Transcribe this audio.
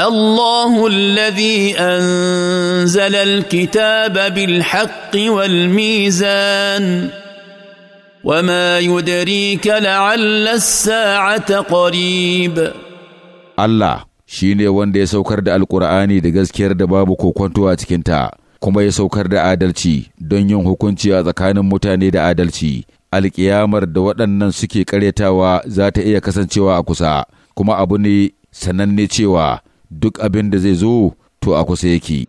الله الذي انزل الكتاب بالحق والميزان وما يدريك لعل الساعه قريب الله shine wanda ya saukar da alkur'ani da gaskiyar da babu kokonto a cikinta kuma ya saukar da adalci don yin hukunci a tsakanin mutane da adalci alkiyamar da waɗannan suke karyatawa za ta iya kasancewa a kusa kuma abu ne sananne cewa duk abin da zai zo to a kusa yake.